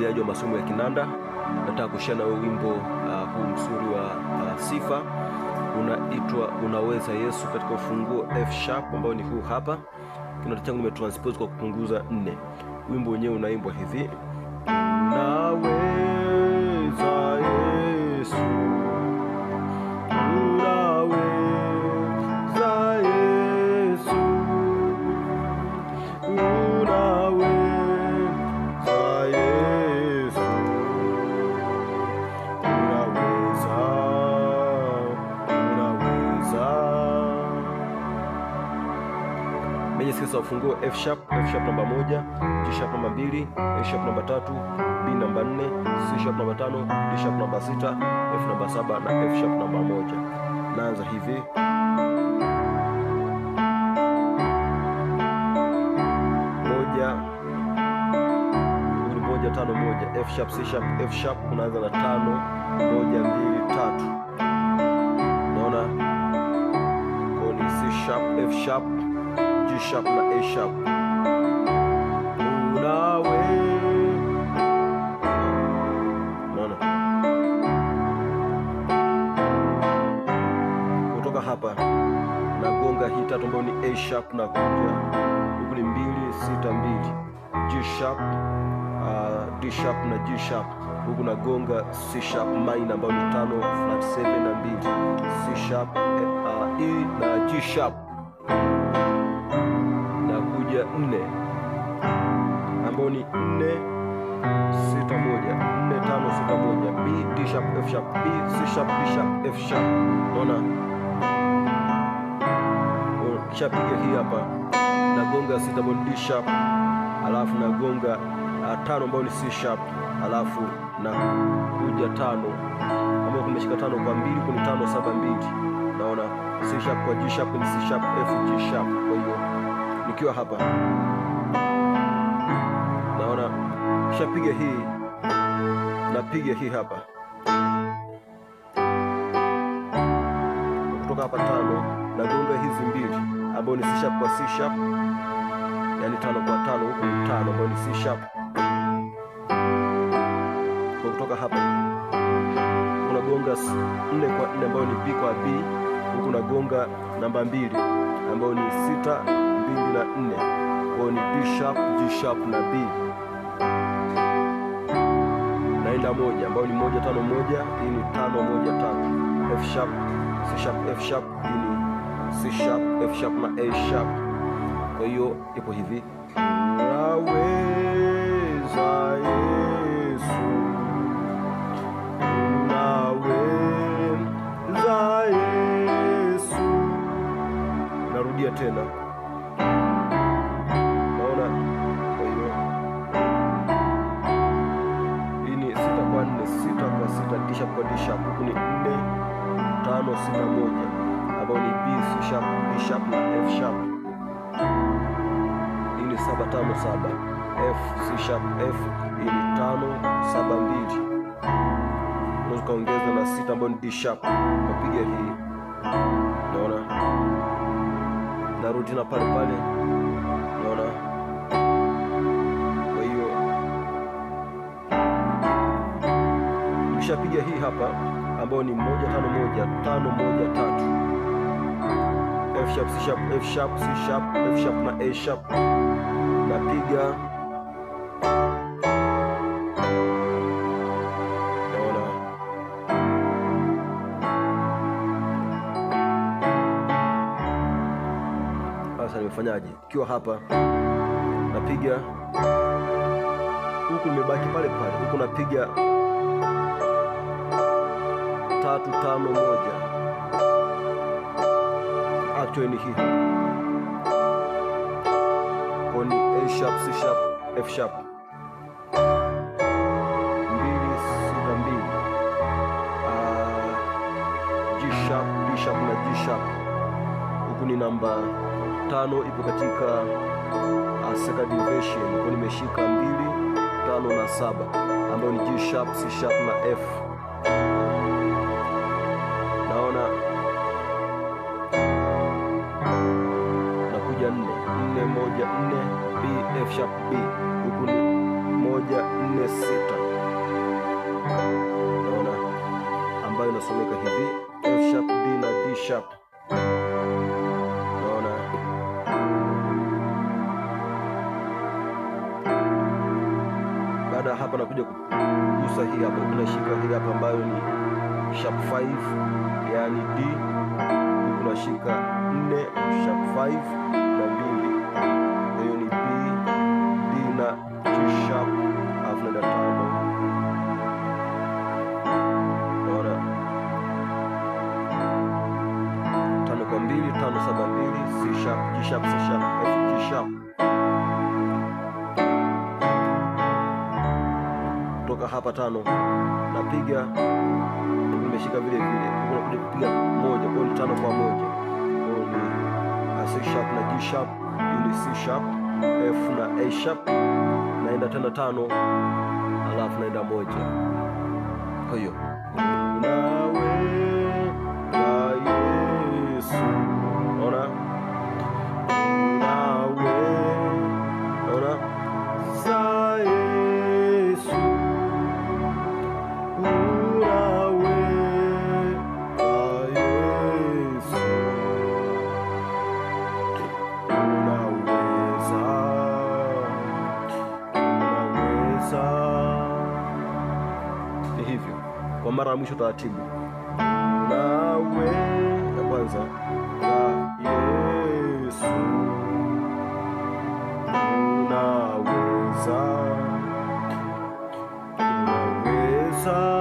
mfuatiliaji wa masomo ya kinanda, nataka kushare na wewe wimbo uh, huu mzuri wa uh, sifa unaitwa unaweza Yesu, katika ufunguo F sharp ambao ni huu hapa. Kinanda changu nimetranspose kwa kupunguza nne. Wimbo wenyewe unaimbwa hivi nawe sasa za ufunguo F sharp, F sharp namba moja, G sharp namba mbili, A sharp namba tatu, B namba nne, C sharp namba tano, D sharp namba sita, F namba saba na F sharp namba moja. Naanza hivi moja moja tano moja, F sharp C sharp F sharp, unaanza na tano moja mbili tatu, unaona ni C sharp F sharp sharp na A sharp. Unawe kutoka hapa nagonga hii tatu ambayo ni A sharp na kuja huku ni mbili sita mbili G sharp uh, D sharp na G sharp huku nagonga C sharp minor ambayo ni tano flat 7 na mbili C sharp uh, E na G sharp moja nne ambao ni nne sita moja nne tano sita moja B D sharp F sharp B C sharp D sharp F sharp. Unaona, kishapiga hii hapa, nagonga sita moja D sharp, alafu nagonga ah, tano ambao ni C sharp, alafu na kuja tano ambao kumeshika tano kwa mbili kuni tano saba mbili. Naona C sharp kwa G sharp ni C sharp F G sharp, kwa hiyo nikiwa hapa naona shapiga hii, napiga hii hapa kutoka hapa tano, na gonga hizi mbili ambayo ni C sharp kwa C sharp, yani tano kwa tano, huku ni tano ambayo ni C sharp. kutoka hapa unagonga nne kwa nne ambayo ni B kwa B, huku unagonga namba mbili ambayo ni sita mbili na nne kwa ni D sharp, G sharp na B naenda moja ambayo ni moja tano moja. Hii ni tano moja tatu. F sharp, C sharp, F sharp. Hii ni C sharp, F sharp na A sharp. Kwa hiyo ipo hivi naweza Yesu naweza Yesu. Narudia tena moja ambayo ni B sharp, D sharp na F sharp. Hii ni saba tano saba F C sharp F, hii ni tano saba mbili, ukaongeza na sita ambayo ni D sharp, ukapiga hii. Naona narudi na pale pale, naona Piga hii hapa ambayo ni moja tano moja tano moja tatu F sharp C sharp F sharp C sharp F sharp na A sharp, napiga naona. Sasa nimefanyaje? Ikiwa hapa napiga huku, nimebaki pale pale, huku napiga tatu tano moja. Actually ni hii koni A sharp, C sharp, F sharp mbili sita mbili ah, G sharp, D sharp na G sharp. Huku ni namba tano ipo katika uh, second inversion kwa nimeshika mbili tano na saba ambayo ni G sharp, C sharp na F F sharp B, huku ni moja nne sita, naona ambayo inasomeka hivi F sharp B na D sharp, naona baada ya hapa nakuja kugusa hii hapa, tunashika hii hapa ambayo ni sharp 5 yani D, unashika 4 sharp 5 sharp, C sharp, F, G sharp. Toka hapa tano napiga, nimeshika vile vile, nakuja kupiga moja kwa ni tano kwa moja, ni C sharp na G sharp, ni C sharp, F na A sharp, naenda tena tano, alafu naenda moja, kwa hiyo hivyo kwa mara ya mwisho taratibu, nawe ya kwanza na Yesu unaweza, unaweza